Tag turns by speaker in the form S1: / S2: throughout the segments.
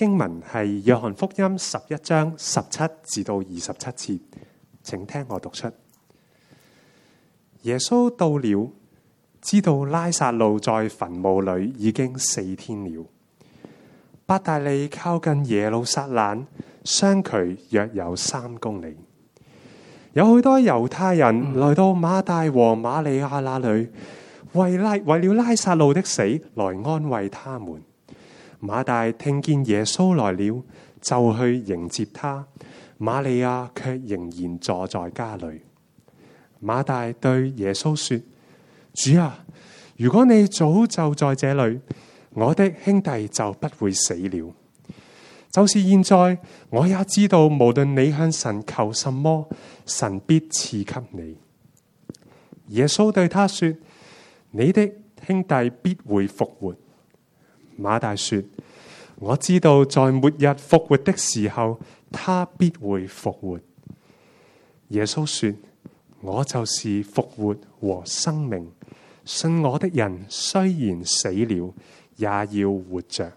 S1: 經文係《約翰福音》十一章十七至到二十七節，請聽我讀出。耶穌到了，知道拉撒路在墳墓裏已經四天了。伯大尼靠近耶路撒冷，相距約有三公里。有好多猶太人來到馬大和馬利亞那裏，為拉為了拉撒路的死來安慰他們。馬大聽見耶穌來了，就去迎接他。瑪利亞卻仍然坐在家裏。馬大對耶穌說：主啊，如果你早就在這裏，我的兄弟就不會死了。就是現在，我也知道，無論你向神求什麼，神必賜給你。耶穌對他說：你的兄弟必會復活。馬大說：我知道在末日復活的時候，他必會復活。耶穌說：我就是復活和生命，信我的人雖然死了，也要活着。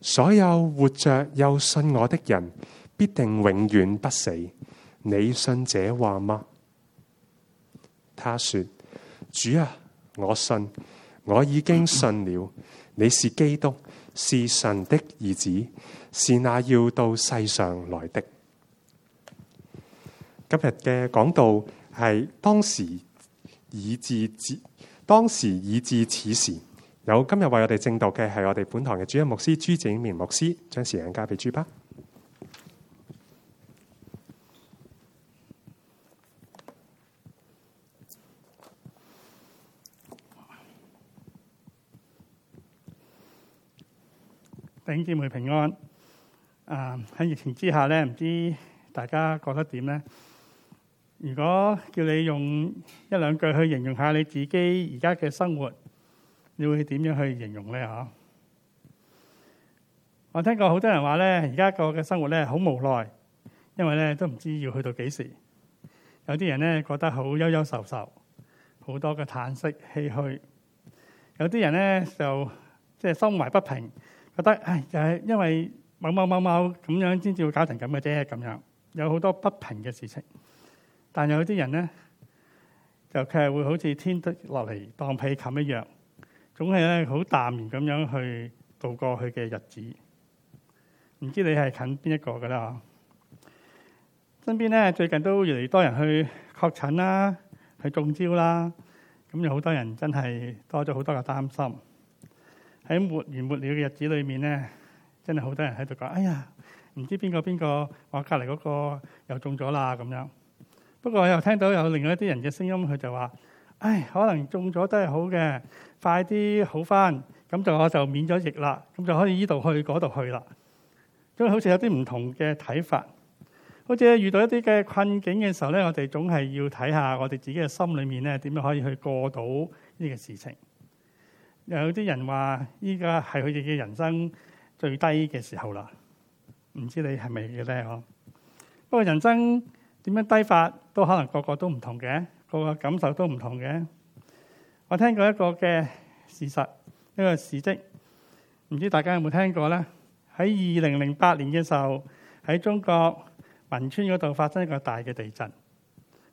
S1: 所有活着又信我的人，必定永遠不死。你信這話嗎？他說：主啊，我信，我已經信了。你是基督，是神的兒子，是那要到世上來的。今日嘅講道係當時已至此，當時以至此時，有今日為我哋正道嘅係我哋本堂嘅主任牧師朱正明牧師，將時間交俾朱伯。
S2: 姐妹平安啊！喺、uh, 疫情之下咧，唔知大家覺得點咧？如果叫你用一兩句去形容下你自己而家嘅生活，你會點樣去形容咧？嗬？我聽過好多人話咧，而家個嘅生活咧，好無奈，因為咧都唔知要去到幾時。有啲人咧覺得好憂憂愁愁，好多嘅嘆息唏噓；有啲人咧就即係心懷不平。覺得唉，就係、是、因為某某某某咁樣，先至會搞成咁嘅啫。咁樣有好多不平嘅事情，但有啲人咧，就佢係會好似天得落嚟，當被冚一樣，總係咧好淡然咁樣去度過去嘅日子。唔知你係近邊一個噶啦？身邊咧最近都越嚟越多人去確診啦，去中招啦，咁有好多人真係多咗好多嘅擔心。喺沒完沒了嘅日子裏面咧，真係好多人喺度講，哎呀，唔知邊個邊個我隔籬嗰個又中咗啦咁樣。不過我又聽到有另外一啲人嘅聲音，佢就話：唉，可能中咗都係好嘅，快啲好翻。咁就我就免咗疫啦，咁就可以呢度去嗰度去啦。咁好似有啲唔同嘅睇法，好似遇到一啲嘅困境嘅時候咧，我哋總係要睇下我哋自己嘅心裏面咧，點樣可以去過到呢個事情。有啲人話呢個係佢哋嘅人生最低嘅時候啦，唔知你係咪嘅咧？嗬。不過人生點樣低法都可能個個都唔同嘅，個個感受都唔同嘅。我聽過一個嘅事實，一個事跡，唔知大家有冇聽過咧？喺二零零八年嘅時候，喺中國汶川嗰度發生一個大嘅地震。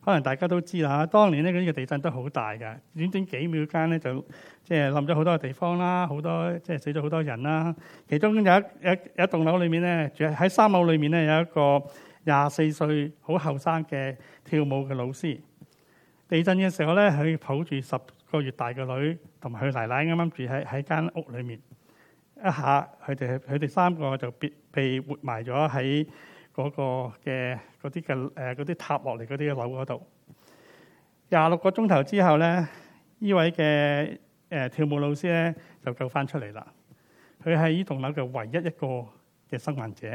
S2: 可能大家都知啦，當年咧呢個地震都好大㗎，短短幾秒間咧就即係冧咗好多地方啦，好多即係死咗好多人啦。其中有一有一有一棟樓裏面咧住喺三樓裏面咧有一個廿四歲好後生嘅跳舞嘅老師。地震嘅時候咧，佢抱住十個月大嘅女同埋佢奶奶啱啱住喺喺間屋裏面，一下佢哋佢哋三個就被被活埋咗喺。嗰、嗰個嘅嗰啲嘅誒嗰啲塌落嚟嗰啲樓嗰度，廿六個鐘頭之後咧，呢位嘅誒、呃、跳舞老師咧就救翻出嚟啦。佢係呢棟樓嘅唯一一個嘅生還者。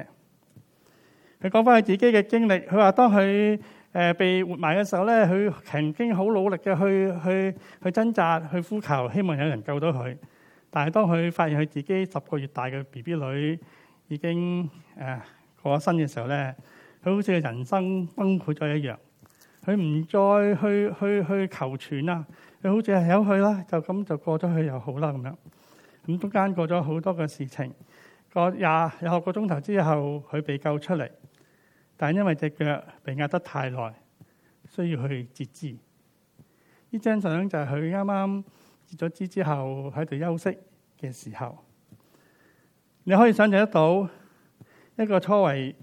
S2: 佢講翻佢自己嘅經歷，佢話當佢誒、呃、被活埋嘅時候咧，佢曾經好努力嘅去去去，去掙扎去呼求，希望有人救到佢。但係當佢發現佢自己十個月大嘅 B B 女已經誒，呃過身嘅時候咧，佢好似係人生崩潰咗一樣，佢唔再去去去求存啦，佢好似係有去啦，就咁就過咗去又好啦咁樣。咁中間過咗好多嘅事情，過廿廿個鐘頭之後，佢被救出嚟，但係因為隻腳被壓得太耐，需要去截肢。呢張相就係佢啱啱截咗肢之後喺度休息嘅時候，你可以想象得到。一個初為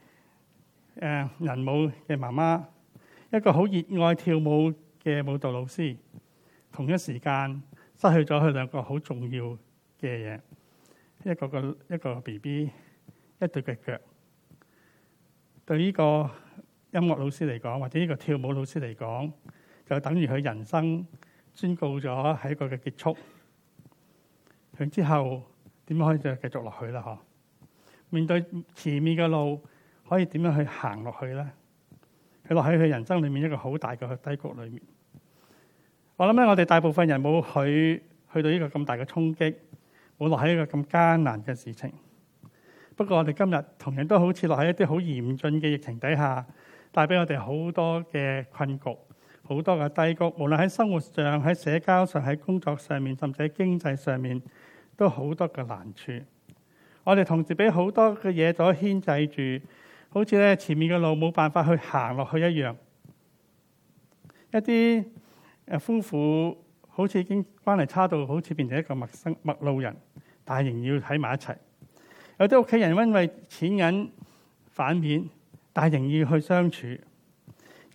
S2: 誒人母嘅媽媽，一個好熱愛跳舞嘅舞蹈老師，同一時間失去咗佢兩個好重要嘅嘢，一個個一個個 B B，一對嘅腳。對呢個音樂老師嚟講，或者呢個跳舞老師嚟講，就等於佢人生宣告咗係一個嘅結束。佢之後點可以再繼續落去啦？嗬？面對前面嘅路，可以點樣去行落去咧？佢落喺佢人生裏面一個好大嘅低谷裏面。我諗咧，我哋大部分人冇佢去，去到呢個咁大嘅衝擊，冇落喺一個咁艱難嘅事情。不過我哋今日同樣都好似落喺一啲好嚴峻嘅疫情底下，帶俾我哋好多嘅困局，好多嘅低谷。無論喺生活上、喺社交上、喺工作上面，甚至喺經濟上面，都好多嘅難處。我哋同時俾好多嘅嘢所牽制住，好似咧前面嘅路冇辦法去行落去一樣。一啲誒夫婦好似已經關係差到好似變成一個陌生陌路人，但係仍然要喺埋一齊。有啲屋企人因為錢銀反面，但係仍然要去相處。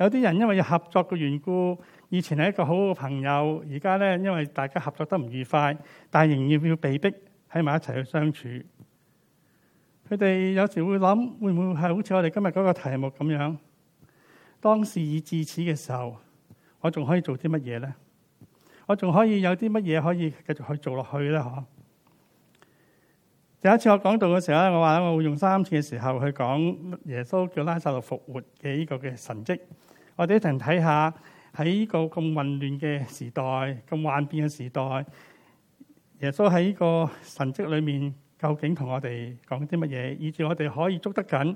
S2: 有啲人因為要合作嘅緣故，以前係一個好好嘅朋友，而家咧因為大家合作得唔愉快，但係仍然要被逼喺埋一齊去相處。佢哋有時會諗，會唔會係好似我哋今日嗰個題目咁樣？當事已至此嘅時候，我仲可以做啲乜嘢咧？我仲可以有啲乜嘢可以繼續去做落去咧？嗬！第一次我講到嘅時候咧，我話我會用三次嘅時候去講耶穌叫拉撒路復活嘅呢個嘅神蹟。我哋一陣睇下喺呢個咁混亂嘅時代、咁幻變嘅時代，耶穌喺呢個神蹟裏面。究竟同我哋講啲乜嘢？以至我哋可以捉得緊，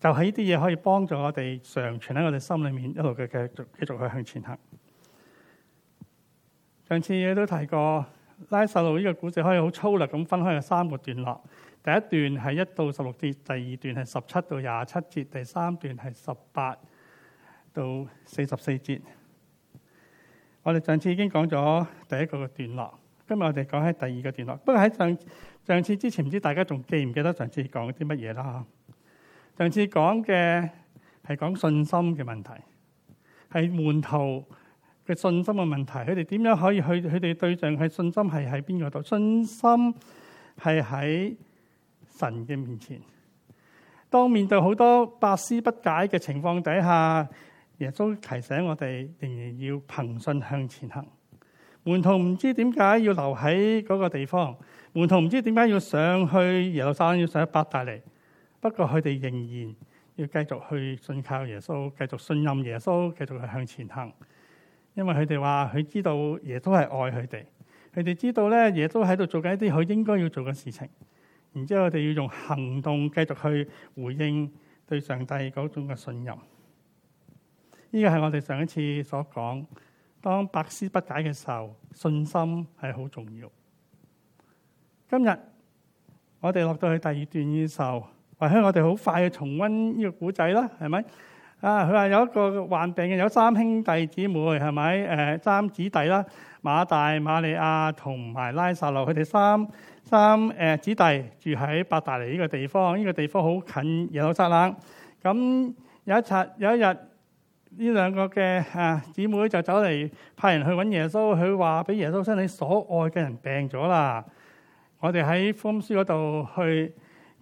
S2: 就喺啲嘢可以幫助我哋常存喺我哋心裏面，一路嘅繼續繼續去向前行。上次亦都提過，拉撒路呢個故事可以好粗略咁分開係三個段落。第一段係一到十六節，第二段係十七到廿七節，第三段係十八到四十四節。我哋上次已經講咗第一個嘅段落，今日我哋講下第二個段落。不過喺上。上次之前唔知大家仲記唔記得上次講啲乜嘢啦？上次講嘅係講信心嘅問題，係門徒嘅信心嘅問題，佢哋點樣可以去？佢哋對象係信心係喺邊個度？信心係喺神嘅面前。當面對好多百思不解嘅情況底下，耶穌提醒我哋仍然要憑信向前行。門徒唔知點解要留喺嗰個地方，門徒唔知點解要上去耶路撒冷，要上去伯大尼。不過佢哋仍然要繼續去信靠耶穌，繼續信任耶穌，繼續去向前行。因為佢哋話佢知道耶穌係愛佢哋，佢哋知道咧耶穌喺度做緊一啲佢應該要做嘅事情。然之後我哋要用行動繼續去回應對上帝嗰種嘅信任。呢個係我哋上一次所講。當百思不解嘅時候，信心係好重要。今日我哋落到去第二段嘅時候，或者我哋好快去重温呢個古仔啦，係咪？啊，佢話有一個患病嘅，有三兄弟姊妹，係咪？誒、呃，三子弟啦，馬大、馬利亞同埋拉撒路，佢哋三三誒、呃、子弟住喺伯大尼呢個地方，呢、呢個地方好近耶路撒冷。咁有一插有一日。呢兩個嘅啊姊妹就走嚟，派人去揾耶穌。佢話：，俾耶穌身你所愛嘅人病咗啦。我哋喺福音書嗰度去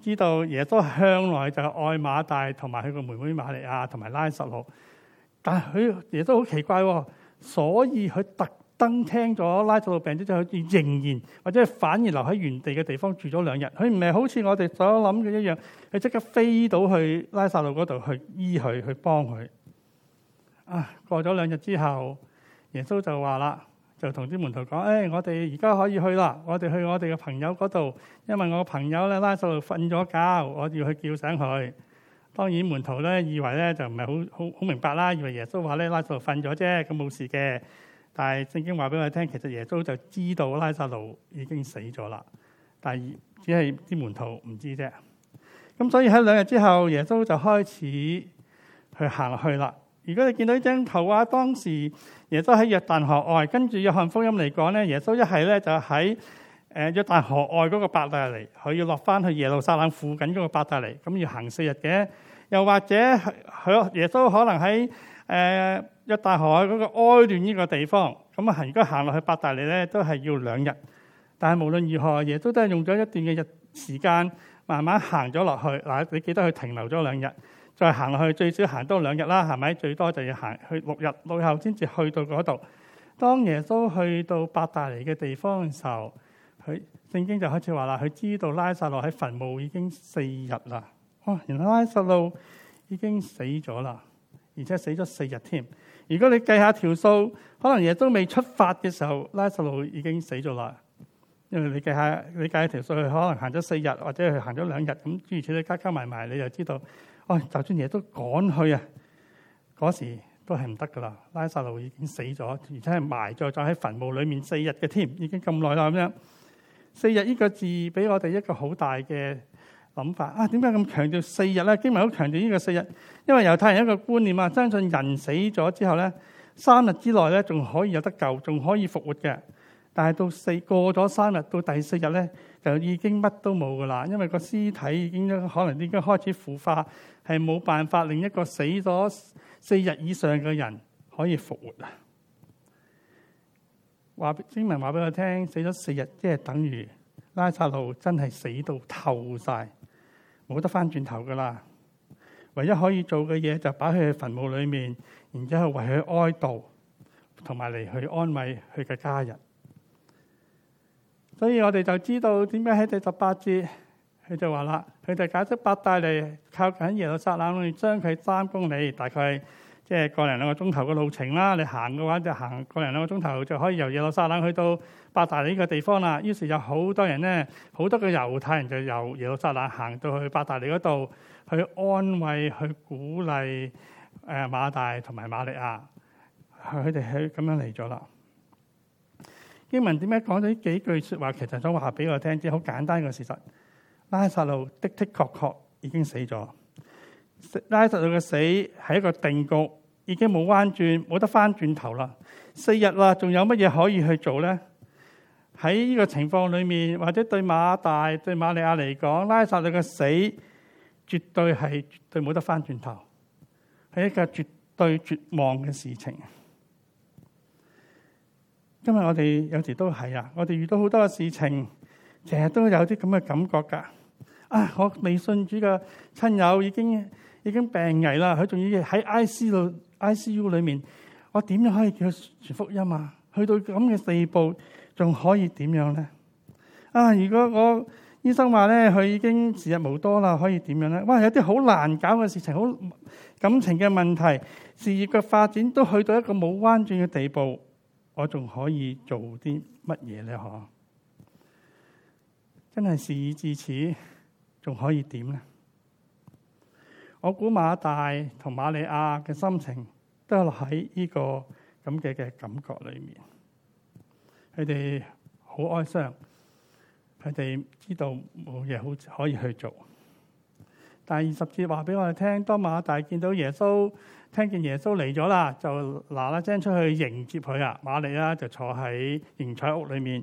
S2: 知道，耶穌向來就係愛馬大同埋佢個妹妹瑪利亞同埋拉撒路。但係佢耶穌好奇怪，所以佢特登聽咗拉撒路病咗之後，佢仍然或者係反而留喺原地嘅地方住咗兩日。佢唔係好似我哋所諗嘅一樣，佢即刻飛到去拉撒路嗰度去醫佢，去幫佢。啊！過咗兩日之後，耶穌就話啦，就同啲門徒講：，誒、哎，我哋而家可以去啦，我哋去我哋嘅朋友嗰度，因為我朋友咧拉撒路瞓咗覺，我要去叫醒佢。當然門徒咧以為咧就唔係好好好明白啦，以為耶穌話咧拉撒路瞓咗啫，佢冇事嘅。但係聖經話俾我哋聽，其實耶穌就知道拉撒路已經死咗啦，但係只係啲門徒唔知啫。咁所以喺兩日之後，耶穌就開始去行去啦。如果你見到呢張圖啊，當時耶穌喺約旦河外，跟住約翰福音嚟講咧，耶穌一係咧就喺誒約旦河外嗰個伯大尼，佢要落翻去耶路撒冷附近嗰個伯大尼，咁要行四日嘅。又或者，佢耶穌可能喺誒、呃、約旦、旦河外嗰個哀段呢個地方，咁啊行。如果行落去伯大尼咧，都係要兩日。但係無論如何，耶穌都係用咗一段嘅日時間，慢慢行咗落去嗱。你記得佢停留咗兩日。再行去最少行多兩日啦，係咪？最多就要行去六日，路後先至去到嗰度。當耶穌去到伯大尼嘅地方嘅時候，佢聖經就開始話啦：佢知道拉撒路喺墳墓已經四日啦。哇、哦！原來拉撒路已經死咗啦，而且死咗四日添。如果你計下條數，可能耶穌未出發嘅時候，拉撒路已經死咗啦。因為你計下你計下條數，佢可能行咗四日，或者佢行咗兩日，咁如此咁加加埋埋，你就知道。哦，就算耶都趕去啊！嗰時都係唔得噶啦，拉撒路已經死咗，而且係埋葬咗喺墳墓裡面四日嘅添，已經咁耐啦咁樣。四日呢個字俾我哋一個好大嘅諗法啊！點解咁強調四日咧？經文好強調呢個四日，因為猶太人有一個觀念啊，相信人死咗之後咧，三日之內咧仲可以有得救，仲可以復活嘅。但係到四過咗三日，到第四日咧，就已經乜都冇噶啦，因為個屍體已經可能已經開始腐化，係冇辦法令一個死咗四日以上嘅人可以復活啊！話經文話俾我聽，死咗四日，即係等於拉撒路真係死到透晒，冇得翻轉頭噶啦。唯一可以做嘅嘢，就擺佢喺墳墓裏面，然之後為佢哀悼，同埋嚟去安慰佢嘅家人。所以我哋就知道點解喺第十八節，佢就話啦，佢哋解釋伯大尼靠近耶路撒冷，你將佢三公里，大概即係、就是、個零兩個鐘頭嘅路程啦。你行嘅話就行個零兩個鐘頭，就可以由耶路撒冷去到伯大尼呢個地方啦。於是就好多人咧，好多嘅猶太人就由耶路撒冷行到去伯大尼嗰度，去安慰、去鼓勵誒馬大同埋馬利亞，佢哋係咁樣嚟咗啦。英文點解講咗呢幾句說話？其實想話俾我聽，即係好簡單嘅事實。拉撒路的的確確已經死咗。拉撒路嘅死係一個定局，已經冇彎轉，冇得翻轉頭啦。四日啦，仲有乜嘢可以去做咧？喺呢個情況裏面，或者對馬大、對馬利亞嚟講，拉撒路嘅死絕對係絕對冇得翻轉頭，係一個絕對絕望嘅事情。今日我哋有時都係啊！我哋遇到好多嘅事情，成日都有啲咁嘅感覺㗎。啊，我微信主未信主嘅親友已經已經病危啦，佢仲要喺 IC 度 ICU 裏面。我點樣可以叫佢傳福音啊？去到咁嘅地步，仲可以點樣咧？啊，如果我醫生話咧，佢已經時日無多啦，可以點樣咧？哇，有啲好難搞嘅事情，好感情嘅問題，事業嘅發展都去到一個冇彎轉嘅地步。我仲可以做啲乜嘢咧？嗬，真係事已至此，仲可以點咧？我估馬大同馬利亞嘅心情都係喺呢個咁嘅嘅感覺裏面，佢哋好哀傷，佢哋知道冇嘢好可以去做。但係二十節話俾我哋聽，當馬大見到耶穌，聽見耶穌嚟咗啦，就嗱嗱聲出去迎接佢啊！馬利亞就坐喺迎彩屋裏面。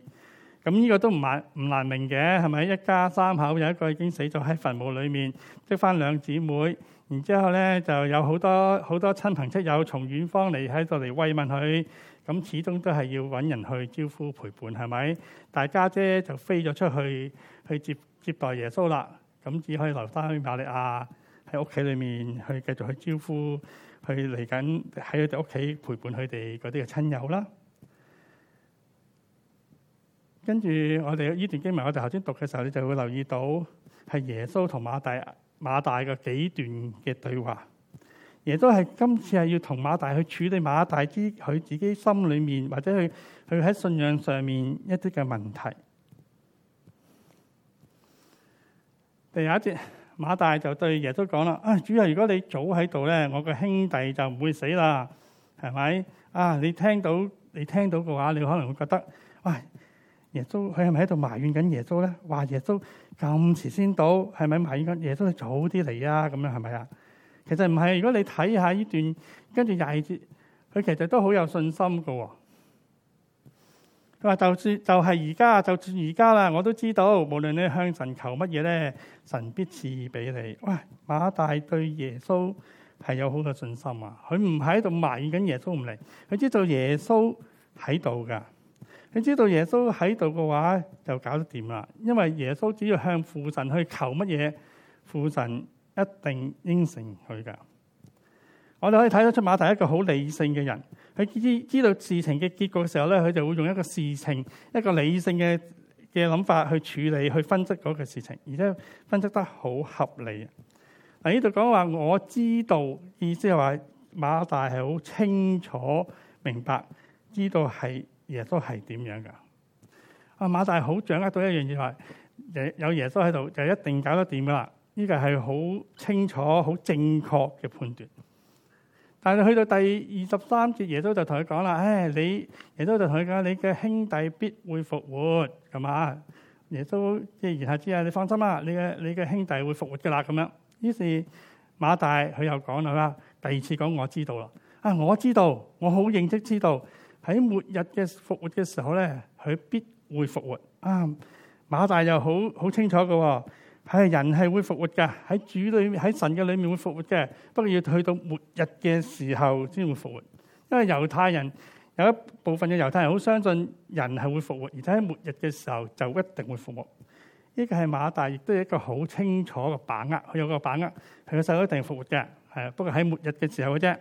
S2: 咁、這、呢個都唔難唔難明嘅，係咪？一家三口有一個已經死咗喺墳墓裏面，即翻兩姊妹，然之後咧就有好多好多親朋戚友從遠方嚟喺度嚟慰問佢。咁始終都係要揾人去招呼陪伴，係咪？大家姐，姐就飛咗出去去接接待耶穌啦。咁只可以留翻去瑪利亞喺屋企裏面去繼續去招呼，去嚟緊喺佢哋屋企陪伴佢哋嗰啲嘅親友啦。跟住我哋呢段經文，我哋頭先讀嘅時候，你就會留意到係耶穌同馬大馬大嘅幾段嘅對話。耶穌係今次係要同馬大去處理馬大之佢自己心裏面或者佢佢喺信仰上面一啲嘅問題。第廿一節，馬大就對耶穌講啦：啊，主啊，如果你早喺度咧，我個兄弟就唔會死啦，係咪啊？你聽到你聽到嘅話，你可能會覺得喂，耶穌佢係咪喺度埋怨緊耶穌咧？話耶穌咁遲先到，係咪埋怨緊耶穌你早啲嚟啊？咁樣係咪啊？其實唔係。如果你睇下呢段，跟住廿二節，佢其實都好有信心噶。佢話就算就係而家，就算而家啦，我都知道，無論你向神求乜嘢咧，神必賜俾你。哇！馬大對耶穌係有好嘅信心啊！佢唔喺度埋怨緊耶穌唔嚟，佢知道耶穌喺度噶。佢知道耶穌喺度嘅話就搞得掂啦，因為耶穌只要向父神去求乜嘢，父神一定應承佢噶。我哋可以睇得出馬大一個好理性嘅人，佢知知道事情嘅結果嘅時候咧，佢就會用一個事情一個理性嘅嘅諗法去處理去分析嗰個事情，而且分析得好合理。嗱，呢度講話我知道，意思係話馬大係好清楚明白，知道係耶穌係點樣㗎。啊，馬大好掌握到一樣嘢，話有有耶穌喺度就一定搞得掂㗎喇。呢個係好清楚、好正確嘅判斷。但係去到第二十三節，耶穌就同佢講啦：唉、哎，你耶穌就同佢講，你嘅兄弟必會復活，咁啊！耶穌即係言下之意啊，你放心啦，你嘅你嘅兄弟會復活嘅啦，咁樣。於是馬大佢又講啦，第二次講我知道啦，啊，我知道，我好認識知道喺末日嘅復活嘅時候咧，佢必會復活。啊，馬大又好好清楚㗎喎。係人係會復活嘅，喺主裏面喺神嘅裏面會復活嘅，不過要去到末日嘅時候先會復活。因為猶太人有一部分嘅猶太人好相信人係會復活，而且喺末日嘅時候就一定會復活。呢個係馬大亦都係一個好清楚嘅把握，佢有個把握，佢個細佬一定復活嘅，係啊，不過喺末日嘅時候嘅啫。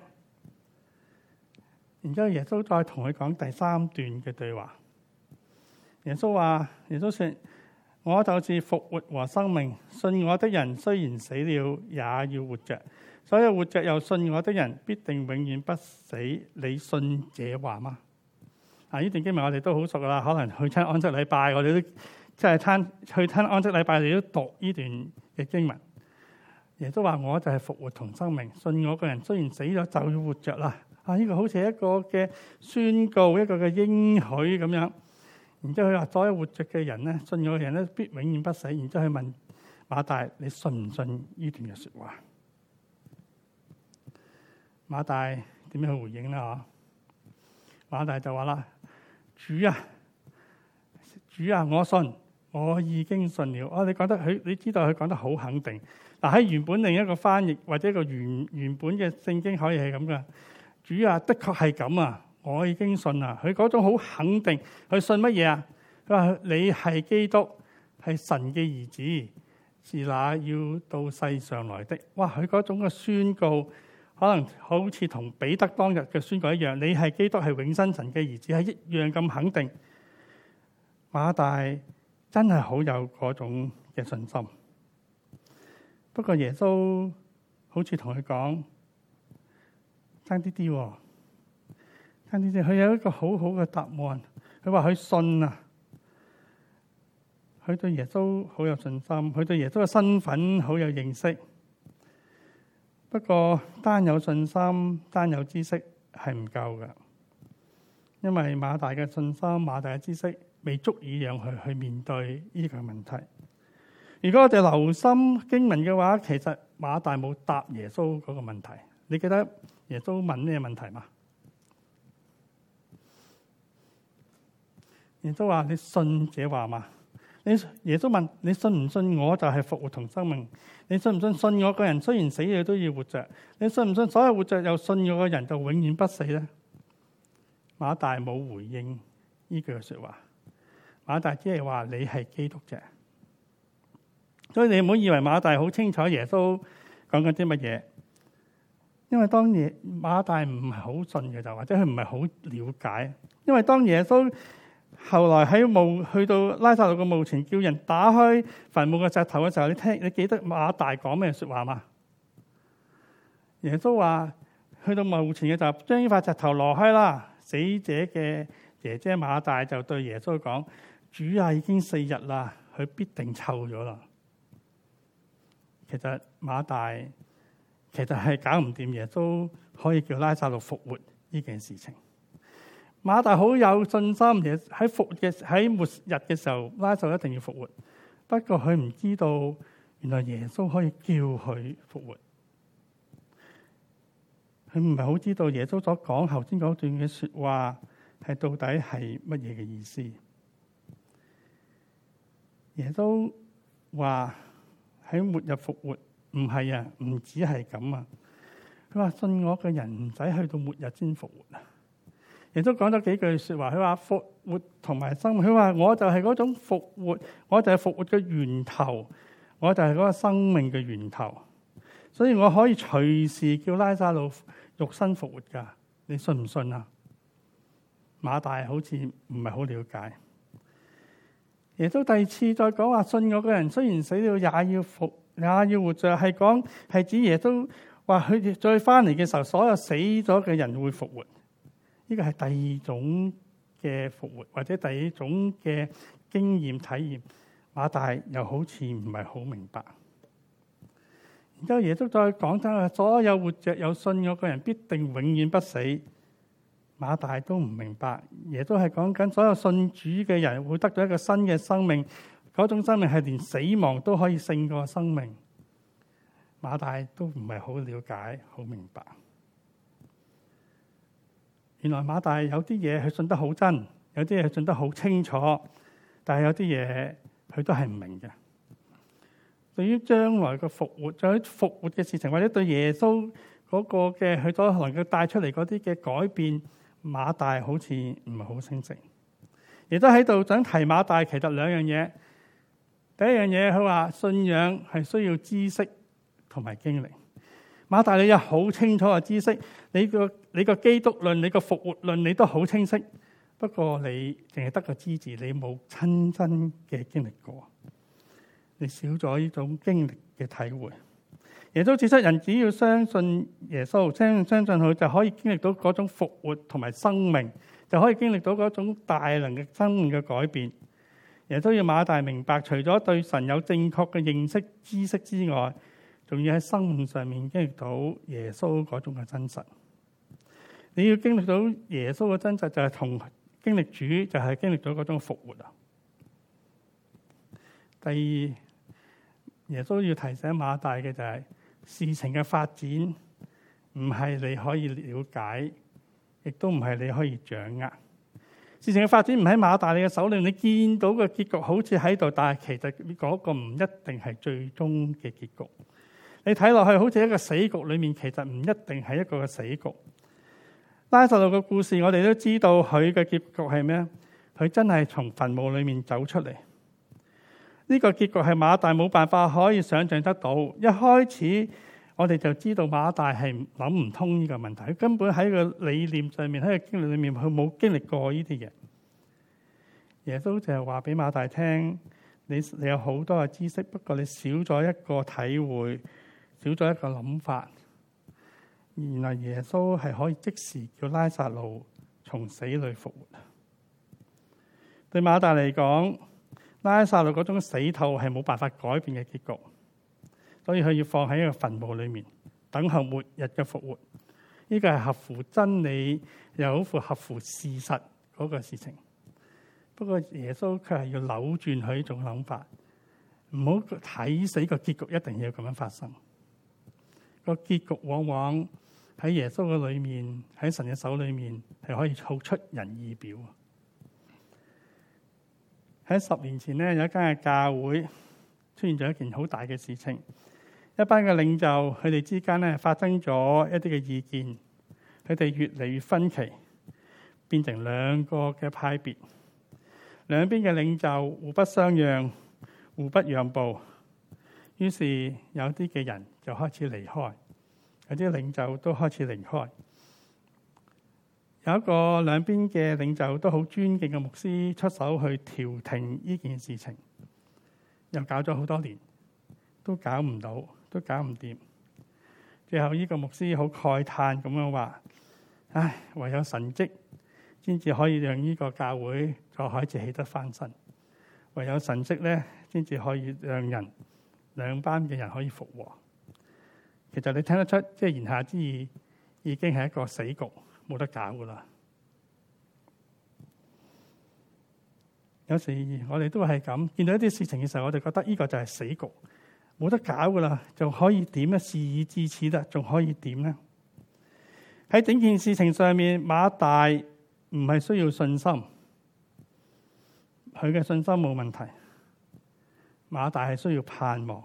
S2: 然之後耶穌再同佢講第三段嘅對話。耶穌話：耶穌說。我就是復活和生命，信我的人雖然死了，也要活着；所有活着又信我的人，必定永遠不死。你信這話嗎？啊，呢段經文我哋都好熟噶啦，可能去親安息禮拜我哋都即係去親安息禮拜，你都，都讀呢段嘅經文。亦都話：我就係復活同生命，信我嘅人雖然死咗，就要活着啦。啊，呢、這個好似一個嘅宣告，一個嘅應許咁樣。然之後佢話：所有活著嘅人咧，信我嘅人咧，必永遠不死。然之後佢問馬大：你信唔信呢段嘅説話？馬大點樣去回應咧？嗬？馬大就話啦：主啊，主啊，我信，我已經信了。我、啊、你覺得佢你知道佢講得好肯定。嗱，喺原本另一個翻譯或者一個原原本嘅聖經可以係咁嘅。主啊，的確係咁啊！我已經信啦，佢嗰種好肯定，佢信乜嘢啊？佢話你係基督，係神嘅兒子，是那要到世上來的。哇！佢嗰種嘅宣告，可能好似同彼得當日嘅宣告一樣，你係基督，係永生神嘅兒子，係一樣咁肯定。馬大真係好有嗰種嘅信心。不過耶穌好似同佢講，爭啲啲啊。佢有一個好好嘅答案。佢話佢信啊，佢對耶穌好有信心，佢對耶穌嘅身份好有認識。不過單有信心、單有知識係唔夠嘅，因為馬大嘅信心、馬大嘅知識未足以讓佢去面對呢個問題。如果我哋留心經文嘅話，其實馬大冇答耶穌嗰個問題。你記得耶穌問咩問題嘛？耶穌話：你信這話嘛？你耶穌問你信唔信？我就係復活同生命。你信唔信？信我個人雖然死，佢都要活着。你信唔信？所有活着又信我個人就永遠不死咧？馬大冇回應呢句說話。馬大只係話你係基督徒，所以你唔好以為馬大好清楚耶穌講緊啲乜嘢，因為當耶馬大唔係好信嘅，就或者佢唔係好了解，因為當耶穌。後來喺墓去到拉撒路嘅墓前，叫人打開墳墓嘅石頭嘅時候，你聽你記得馬大講咩說什麼話嗎？耶穌話：去到墓前嘅就將呢塊石頭挪開啦。死者嘅家姐馬大就對耶穌講：主啊，已經四日啦，佢必定臭咗啦。其實馬大其實係搞唔掂耶穌可以叫拉撒路復活呢件事情。馬大好有信心，嘅喺復活、喺末日嘅時候，拉就一定要復活。不過佢唔知道，原來耶穌可以叫佢復活。佢唔係好知道耶穌所講頭先嗰段嘅說話係到底係乜嘢嘅意思。耶穌話喺末日復活，唔係啊，唔只係咁啊。佢話信我嘅人唔使去到末日先復活啊。亦都講咗幾句說話，佢話復活同埋生命，佢話我就係嗰種復活，我就係復活嘅源頭，我就係嗰個生命嘅源頭，所以我可以隨時叫拉撒路肉身復活噶，你信唔信啊？馬大好似唔係好了解。耶穌第二次再講話，信我嘅人雖然死了，也要復，也要活着，係講係指耶穌話佢再翻嚟嘅時候，所有死咗嘅人會復活。呢個係第二種嘅復活，或者第二種嘅經驗體驗。馬大又好似唔係好明白。然之後耶穌再講真話：，所有活着有信我嘅人，必定永遠不死。馬大都唔明白，耶穌係講緊所有信主嘅人會得到一個新嘅生命，嗰種生命係連死亡都可以勝過生命。馬大都唔係好了解，好明白。原來馬大有啲嘢，佢信得好真，有啲嘢佢信得好清楚，但係有啲嘢佢都係唔明嘅。對於將來嘅復活，仲有復活嘅事情，或者對耶穌嗰個嘅佢所能夠帶出嚟嗰啲嘅改變，馬大好似唔係好清醒。亦都喺度想提馬大，其實兩樣嘢。第一樣嘢佢話信仰係需要知識同埋經歷。馬大，你有好清楚嘅知識，你個你個基督論、你個復活論，你都好清晰。不過你淨係得個知字，你冇親身嘅經歷過，你少咗呢種經歷嘅體會。耶穌指出，人只要相信耶穌，相信佢就可以經歷到嗰種復活同埋生命，就可以經歷到嗰種大能嘅生命嘅改變。耶穌要馬大明白，除咗對神有正確嘅認識知識之外，仲要喺生命上面經歷到耶穌嗰種嘅真實，你要經歷到耶穌嘅真實，就係同經歷主，就係經歷到嗰種復活啊。第二，耶穌要提醒馬大嘅就係事情嘅發展唔係你可以了解，亦都唔係你可以掌握。事情嘅發展唔喺馬大你嘅手裏，你見到嘅結局好似喺度，但係其實嗰個唔一定係最終嘅結局。你睇落去好似一個死局，裏面其實唔一定係一個嘅死局。拉撒路嘅故事，我哋都知道佢嘅結局係咩？佢真係從墳墓裏面走出嚟。呢個結局係馬大冇辦法可以想象得到。一開始我哋就知道馬大係諗唔通呢個問題。佢根本喺個理念上面，喺個經歷裏面，佢冇經歷過呢啲嘢。耶穌就係話俾馬大聽：你你有好多嘅知識，不過你少咗一個體會。少咗一個諗法，原來耶穌係可以即時叫拉撒路從死裏復活。對馬大嚟講，拉撒路嗰種死透係冇辦法改變嘅結局，所以佢要放喺一個墳墓裏面等候末日嘅復活。呢個係合乎真理，又好符合乎事實嗰個事情。不過耶穌佢係要扭轉佢呢種諗法，唔好睇死個結局一定要咁樣發生。個結局往往喺耶穌嘅裏面，喺神嘅手裏面係可以好出人意表。喺十年前呢，有一間嘅教會出現咗一件好大嘅事情，一班嘅領袖佢哋之間咧發生咗一啲嘅意見，佢哋越嚟越分歧，變成兩個嘅派別，兩邊嘅領袖互不相讓，互不讓步。於是有啲嘅人就開始離開，有啲領袖都開始離開。有一個兩邊嘅領袖都好尊敬嘅牧師出手去調停呢件事情，又搞咗好多年，都搞唔到，都搞唔掂。最後呢個牧師好慨嘆咁樣話：「唉，唯有神蹟先至可以讓呢個教會再開始起得翻身。唯有神蹟咧，先至可以讓人，兩班嘅人可以復和。其實你聽得出，即係言下之意，已經係一個死局，冇得搞噶啦。有時我哋都係咁，見到一啲事情嘅時候，我哋覺得呢個就係死局，冇得搞噶啦，仲可以點咧？事已至此啦，仲可以點咧？喺整件事情上面，馬大唔係需要信心，佢嘅信心冇問題。馬大係需要盼望，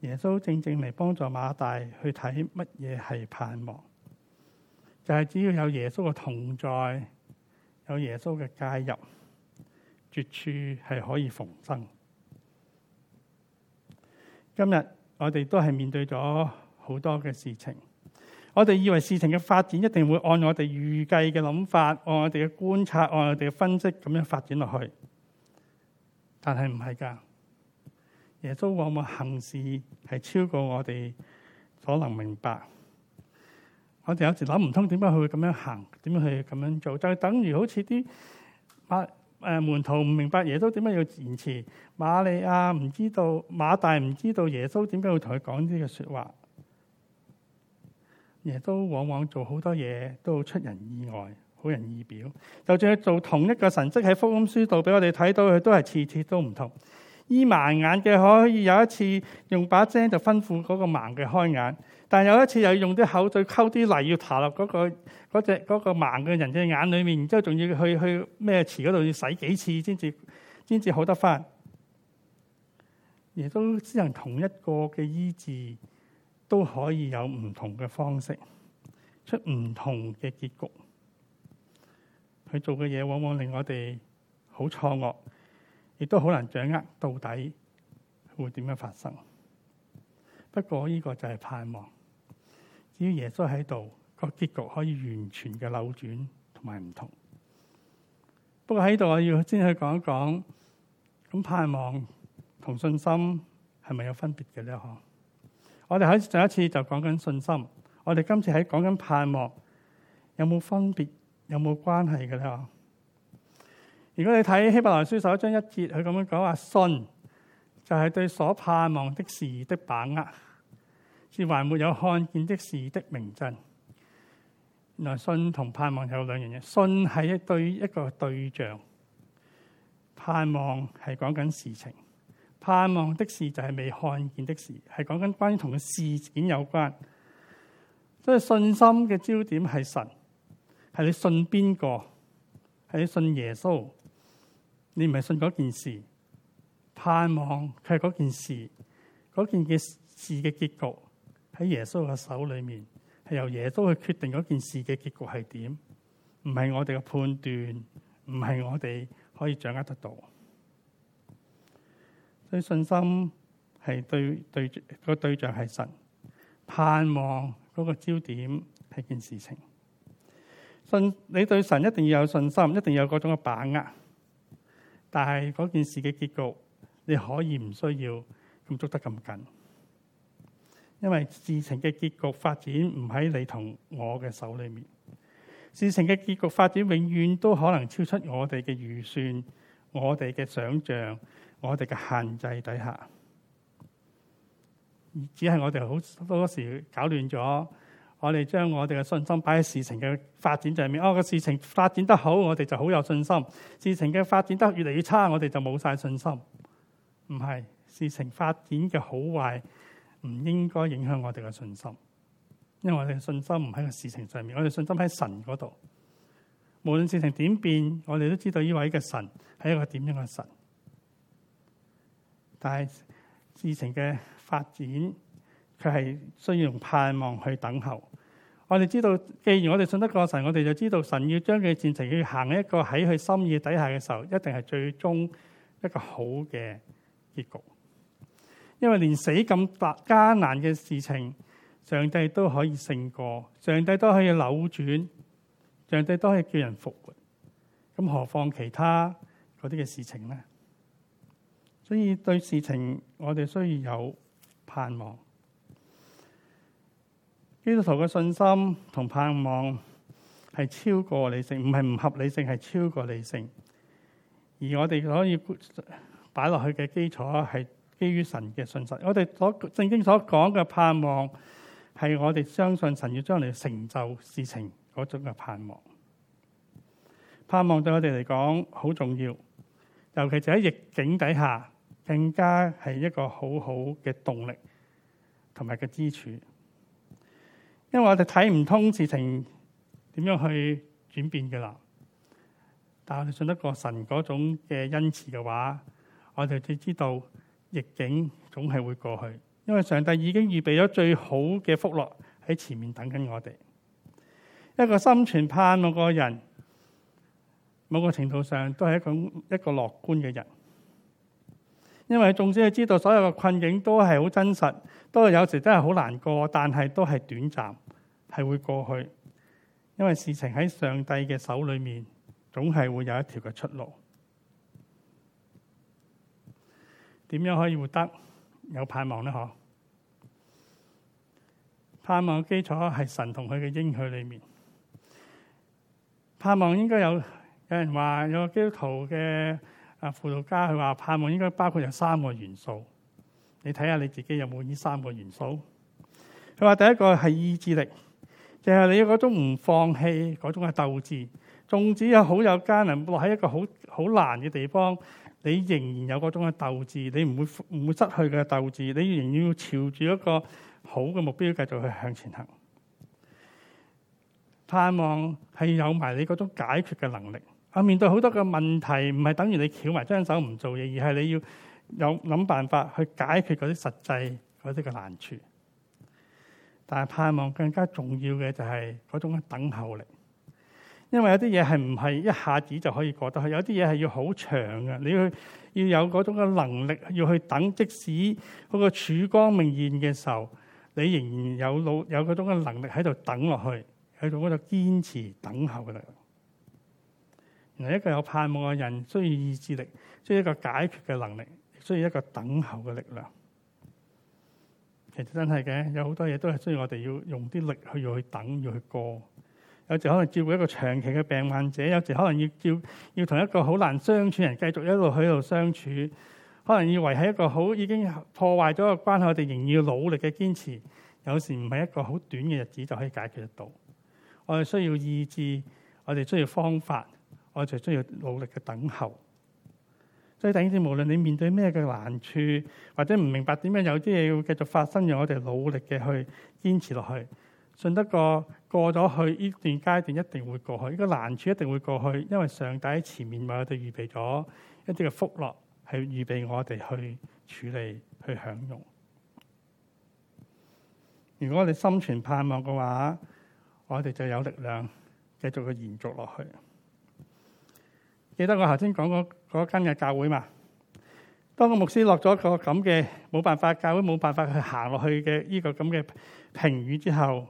S2: 耶穌正正嚟，幫助馬大去睇乜嘢係盼望，就係、是、只要有耶穌嘅同在，有耶穌嘅介入，絕處係可以逢生。今日我哋都係面對咗好多嘅事情，我哋以為事情嘅發展一定會按我哋預計嘅諗法，按我哋嘅觀察，按我哋嘅分析咁樣發展落去。但係唔係噶，耶穌往往行事係超過我哋所能明白。我哋有時諗唔通，點解佢會咁樣行？點樣去咁樣做？就等於好似啲馬誒門徒唔明白耶穌點解要延遲。馬利亞唔知道，馬大唔知道耶穌點解會同佢講呢啲嘅說話。耶穌往往做好多嘢都出人意外。好人意表，就算佢做同一個神迹，喺福音書度俾我哋睇到，佢都係次次都唔同。醫盲眼嘅，可以有一次用一把遮就吩咐嗰個盲嘅開眼，但係有一次又要用啲口水溝啲泥要搽落嗰個嗰隻嗰個盲嘅人嘅眼裏面，然之後仲要去去咩池嗰度要洗幾次先至先至好得翻。亦都只能同一個嘅醫治都可以有唔同嘅方式，出唔同嘅結局。佢做嘅嘢往往令我哋好錯愕，亦都好難掌握到底會點樣發生。不過呢個就係盼望，只要耶穌喺度，個結局可以完全嘅扭轉同埋唔同。不過喺度我要先去講一講，咁盼望同信心係咪有分別嘅咧？嗬，我哋喺上一次就講緊信心，我哋今次喺講緊盼望，有冇分別？有冇關係嘅咧？如果你睇希伯來書首章一節，佢咁樣講話：信就係對所盼望的事的把握，是還沒有看見的事的明證。原來信同盼望有兩樣嘢，信係一對一個對象，盼望係講緊事情。盼望的事就係未看見的事，係講緊關於同事件有關。所以信心嘅焦點係神。係你信邊個？係你信耶穌？你唔係信嗰件事，盼望佢係嗰件事，嗰件嘅事嘅結局喺耶穌嘅手裏面，係由耶穌去決定嗰件事嘅結局係點？唔係我哋嘅判斷，唔係我哋可以掌握得到。所以信心係對對個對，對象係神，盼望嗰個焦點係件事情。信你對神一定要有信心，一定要有嗰種嘅把握。但係嗰件事嘅結局，你可以唔需要咁捉得咁緊，因為事情嘅結局發展唔喺你同我嘅手裏面。事情嘅結局發展永遠都可能超出我哋嘅預算、我哋嘅想象、我哋嘅限制底下。只係我哋好多時搞亂咗。我哋將我哋嘅信心擺喺事情嘅發展上面。哦，個事情發展得好，我哋就好有信心；事情嘅發展得越嚟越差，我哋就冇晒信心。唔係，事情發展嘅好壞唔應該影響我哋嘅信心，因為我哋嘅信心唔喺個事情上面，我哋信心喺神嗰度。無論事情點變，我哋都知道呢位嘅神係一個點樣嘅神。但係事情嘅發展，佢係需要用盼望去等候。我哋知道，既然我哋信得過神，我哋就知道神要將佢嘅戰情去行一個喺佢心意底下嘅時候，一定係最終一個好嘅結局。因為連死咁大艱難嘅事情，上帝都可以勝過，上帝都可以扭轉，上帝都可以叫人復活，咁何況其他嗰啲嘅事情咧？所以對事情，我哋需要有盼望。基督徒嘅信心同盼望係超過理性，唔係唔合理性，係超過理性。而我哋可以擺落去嘅基礎係基於神嘅信實。我哋所聖經所講嘅盼望，係我哋相信神要將來成就事情嗰種嘅盼望。盼望對我哋嚟講好重要，尤其就喺逆境底下，更加係一個很好好嘅動力同埋嘅支柱。因為我哋睇唔通事情點樣去轉變㗎啦，但係我哋信得過神嗰種嘅恩賜嘅話，我哋就知道逆境總係會過去，因為上帝已經預備咗最好嘅福樂喺前面等緊我哋。一個心存盼望嘅人，某個程度上都係一個一個樂觀嘅人。因為總之，佢知道所有嘅困境都係好真實，都係有時真係好難過，但係都係短暫，係會過去。因為事情喺上帝嘅手裏面，總係會有一條嘅出路。點樣可以活得有盼望呢？嗬？盼望嘅基礎係神同佢嘅應許裏面。盼望應該有有人話有基督徒嘅。啊，輔導家佢話盼望應該包括有三個元素，你睇下你自己有冇呢三個元素？佢話第一個係意志力，就係你嗰種唔放棄嗰種嘅鬥志。縱使有好有艱難，落喺一個好好難嘅地方，你仍然有嗰種嘅鬥志，你唔會唔會失去嘅鬥志，你仍然要朝住一個好嘅目標繼續去向前行。盼望係有埋你嗰種解決嘅能力。啊！面對好多嘅問題，唔係等於你翹埋張手唔做嘢，而係你要有諗辦法去解決嗰啲實際嗰啲嘅難處。但係盼望更加重要嘅就係嗰種等候力，因為有啲嘢係唔係一下子就可以過得去，有啲嘢係要好長嘅。你去要有嗰種嘅能力，要去等，即使嗰個曙光明現嘅時候，你仍然有有嗰種嘅能力喺度等落去，喺度嗰度堅持等候力。一個有盼望嘅人需要意志力，需要一個解決嘅能力，需要一個等候嘅力量。其實真係嘅，有好多嘢都係需要我哋要用啲力去要去等，要去過。有時可能照顧一個長期嘅病患者，有時可能要要要同一個好難相處人繼續一路喺度相處，可能以為係一個好已經破壞咗個關係，我哋仍然要努力嘅堅持。有時唔係一個好短嘅日子就可以解決得到。我哋需要意志，我哋需要方法。我就需要努力嘅等候，所以等於無論你面對咩嘅難處，或者唔明白點樣有啲嘢要繼續發生，讓我哋努力嘅去堅持落去。信得過過咗去呢段階段，一定會過去。呢個難處一定會過去，因為上帝喺前面為我哋預備咗一啲嘅福樂，係預備我哋去處理去享用。如果我哋心存盼望嘅話，我哋就有力量繼續去延續落去。記得我頭先講嗰嗰間嘅教會嘛？當個牧師落咗個咁嘅冇辦法，教會冇辦法去行落去嘅呢個咁嘅評語之後，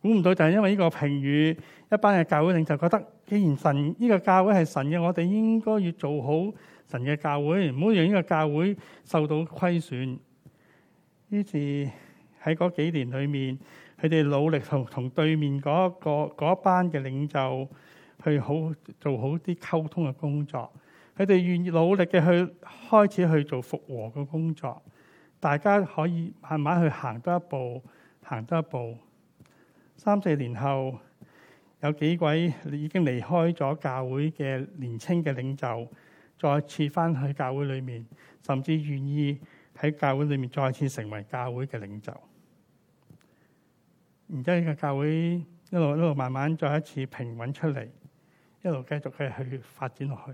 S2: 估唔到就係因為呢個評語，一班嘅教會領袖覺得，既然神呢個教會係神嘅，我哋應該要做好神嘅教會，唔好讓呢個教會受到虧損。於是喺嗰幾年裏面，佢哋努力同同對面嗰個嗰班嘅領袖。去好做好啲溝通嘅工作，佢哋願意努力嘅去開始去做復和嘅工作，大家可以慢慢去行多一步，行多一步。三四年後，有幾位已經離開咗教會嘅年輕嘅領袖，再次翻去教會裏面，甚至願意喺教會裏面再次成為教會嘅領袖。然之後呢個教會一路一路慢慢再一次平穩出嚟。一路繼續繼續去發展落去，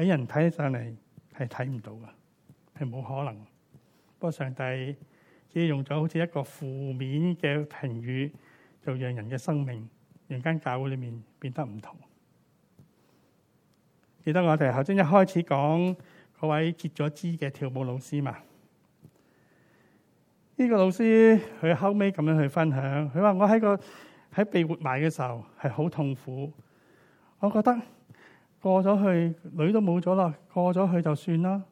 S2: 喺人睇上嚟係睇唔到嘅，係冇可能。不過上帝只係用咗好似一個負面嘅評語，就讓人嘅生命、人間教會裏面變得唔同。記得我哋頭先一開始講嗰位截咗肢嘅跳舞老師嘛？呢個老師佢後尾咁樣去分享，佢話我喺個喺被活埋嘅時候係好痛苦。我覺得過咗去女都冇咗啦，過咗去就算啦。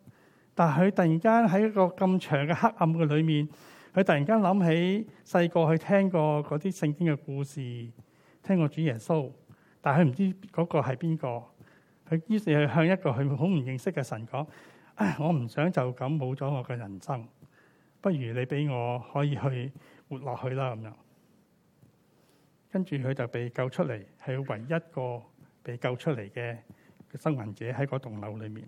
S2: 但係佢突然間喺一個咁長嘅黑暗嘅裏面，佢突然間諗起細個去聽過嗰啲聖經嘅故事，聽過主耶穌，但係佢唔知嗰個係邊個。佢於是向一個佢好唔認識嘅神講：唉，我唔想就咁冇咗我嘅人生，不如你俾我可以去活落去啦咁樣。跟住佢就被救出嚟，係唯一個。被救出嚟嘅生還者喺嗰棟樓裏面，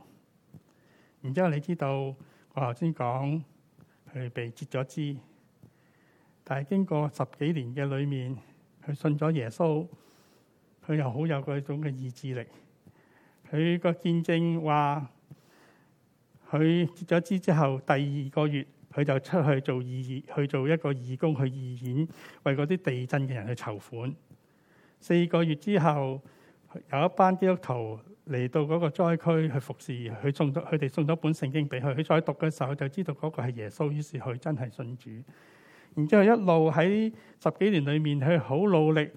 S2: 然之後你知道我頭先講佢被截咗肢，但係經過十幾年嘅裏面，佢信咗耶穌，佢又好有嗰種嘅意志力。佢個見證話，佢截咗肢之後第二個月，佢就出去做義去做一個義工，去義演為嗰啲地震嘅人去籌款。四個月之後。有一班基督徒嚟到嗰個災區去服侍，佢送咗佢哋送咗本聖經俾佢。佢再讀嘅時候，就知道嗰個係耶穌，於是佢真係信主。然之後一路喺十幾年裏面，佢好努力，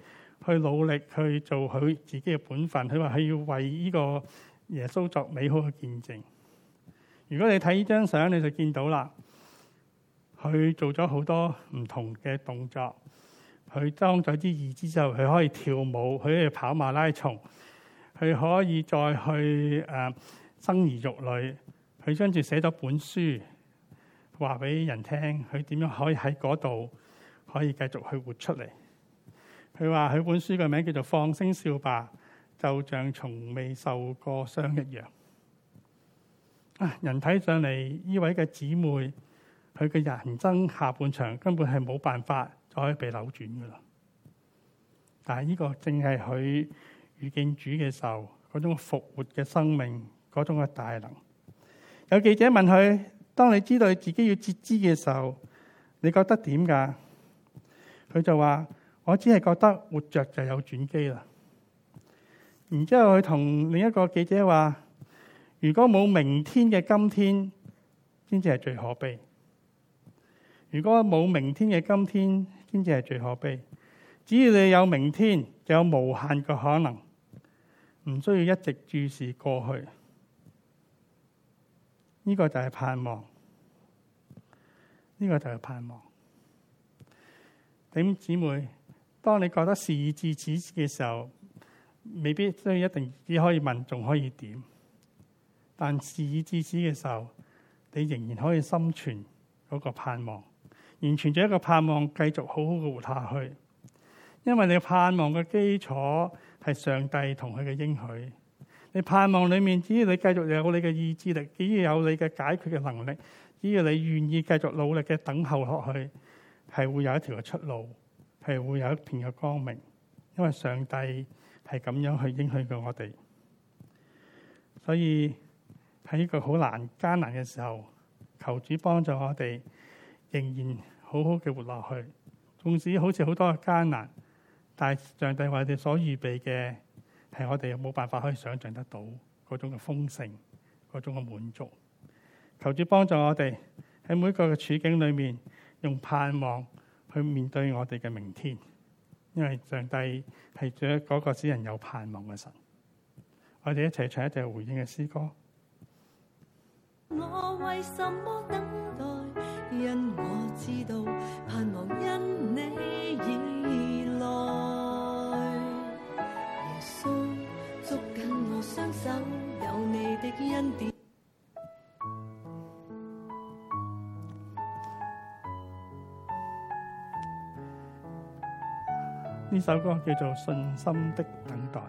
S2: 去努力去做佢自己嘅本分。佢話佢要為呢個耶穌作美好嘅見證。如果你睇呢張相，你就見到啦。佢做咗好多唔同嘅動作。佢當咗啲義肢之後，佢可以跳舞，佢可以跑馬拉松，佢可以再去、呃、生兒育女，佢跟住寫咗本書，話俾人聽，佢點樣可以喺嗰度可以繼續去活出嚟。佢話佢本書嘅名叫做《放聲笑吧》，就像從未受過傷一樣。啊！人睇上嚟呢位嘅姊妹，佢嘅人生下半場根本係冇辦法。就可以被扭轉噶啦。但係呢個正係佢遇見主嘅時候，嗰種復活嘅生命，嗰種嘅大能。有記者問佢：當你知道自己要截肢嘅時候，你覺得點噶？佢就話：我只係覺得活着就有轉機啦。然之後佢同另一個記者話：如果冇明天嘅今天，先至係最可悲。如果冇明天嘅今天，先至係最可悲。只要你有明天，就有無限嘅可能，唔需要一直注視過去。呢個就係盼望，呢個就係盼望。點姊妹，當你覺得事已至此嘅時候，未必需要一定只可以問仲可以點，但事已至此嘅時候，你仍然可以心存嗰個盼望。完全咗一個盼望，繼續好好嘅活下去，因為你嘅盼望嘅基礎係上帝同佢嘅應許。你盼望裏面，只要你繼續有你嘅意志力，只要有你嘅解決嘅能力，只要你願意繼續努力嘅等候落去，係會有一條出路，係會有一片嘅光明。因為上帝係咁樣去應許過我哋，所以喺一個好難艱難嘅時候，求主幫助我哋，仍然。好好嘅活落去，縱使好似好多嘅艱難，但係上帝為我哋所預備嘅係我哋冇辦法可以想象得到嗰種嘅豐盛，嗰種嘅滿足。求主幫助我哋喺每一個嘅處境裏面，用盼望去面對我哋嘅明天，因為上帝係做咗嗰個使人有盼望嘅神。我哋一齊唱一隻回應嘅詩歌。
S3: 我為什麼等因我知道，盼望因你而來。耶穌，捉緊我雙手，有你的恩典。
S2: 呢首歌叫做《信心的等待》。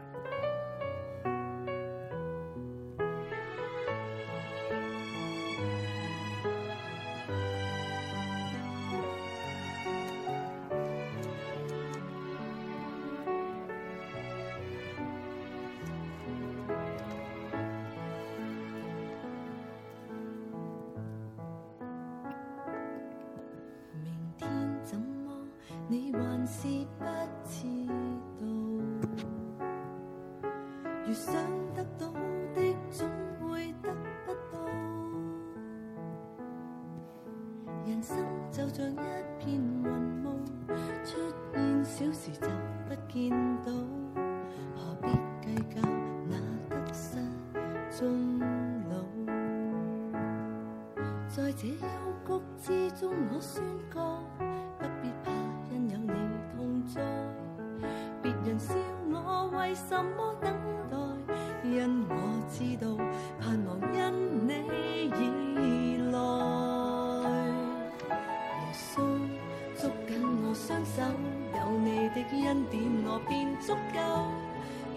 S3: 便足夠，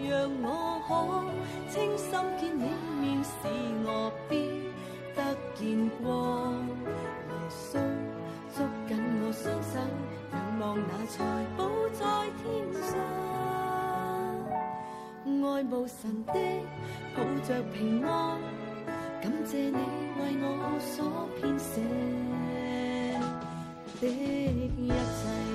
S3: 讓我可清心見你面，使我必得見光。耶穌，捉緊我雙手，仰望那財寶在天上。愛慕神的，抱着平安，感謝你為我所編寫的一切。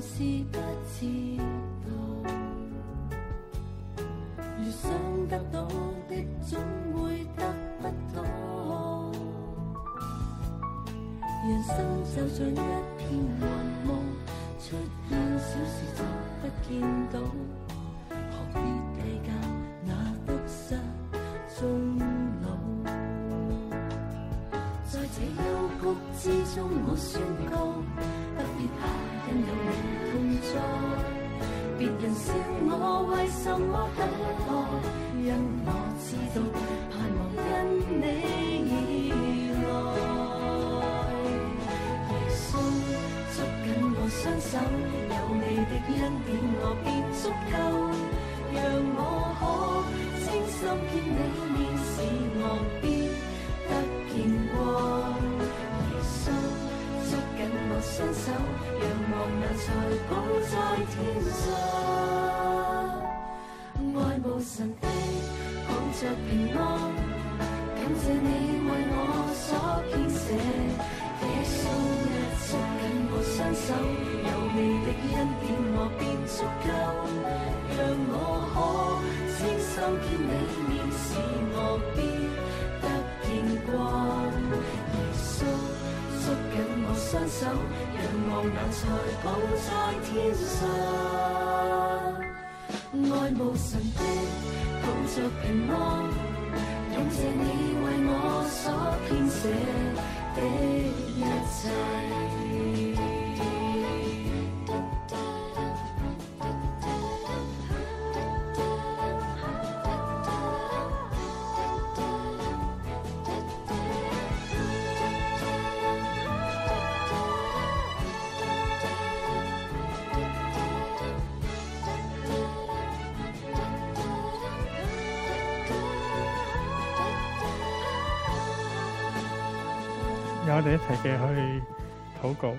S3: 是不知道，越想得到的總會得不到。人生就像一片幻夢，出現小事就不見到，何必計較那得失終老？在這幽谷之中，我算。什麼等待？因我知道，盼望因你而來。耶穌，捉緊我雙手，有你的恩典我便足夠。讓我可清心見你面，使我必得見光。耶穌，捉緊我雙手，仰望那財寶在天上。愛無神的講着平安，感謝你為我所編寫。耶穌一捉緊我雙手，有你的恩典我便足夠，讓我可清心見你面，使我必得見光。耶穌捉緊我雙手，讓望眼財寶在天上。愛慕神的，抱着平安，感謝你為我所編寫的一切。
S2: 我哋一齊嘅去禱告，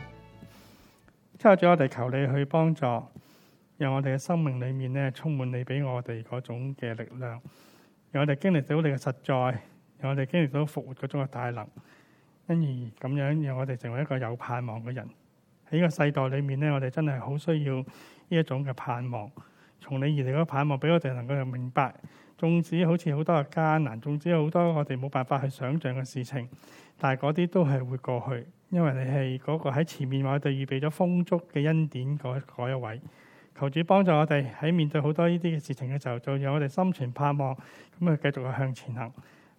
S2: 之後我哋求你去幫助，讓我哋嘅生命裏面咧充滿你俾我哋嗰種嘅力量，讓我哋經歷到你嘅實在，讓我哋經歷到復活嗰種嘅大能，因而咁樣讓我哋成為一個有盼望嘅人。喺呢個世代裏面咧，我哋真係好需要呢一種嘅盼望，從你而嚟嗰盼望，俾我哋能夠明白，縱使好似好多嘅艱難，縱使好多我哋冇辦法去想象嘅事情。但係嗰啲都係會過去，因為你係嗰個喺前面我哋預備咗豐足嘅恩典嗰嗰一位。求主幫助我哋喺面對好多呢啲嘅事情嘅時候，就讓我哋心存盼望，咁啊繼續去向前行。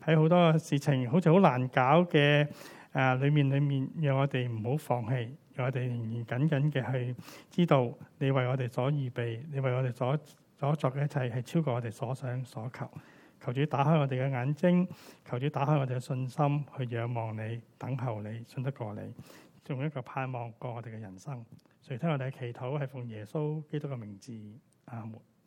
S2: 喺好多事情好似好難搞嘅誒裏面裏面，裏面讓我哋唔好放棄，讓我哋仍然緊緊嘅去知道你為我哋所預備，你為我哋所所作嘅一切係超過我哋所想所求。求主打開我哋嘅眼睛，求主打開我哋嘅信心，去仰望你，等候你，信得過你，做一個盼望過我哋嘅人生。所以聽我哋嘅祈禱，係奉耶穌基督嘅名字，阿門。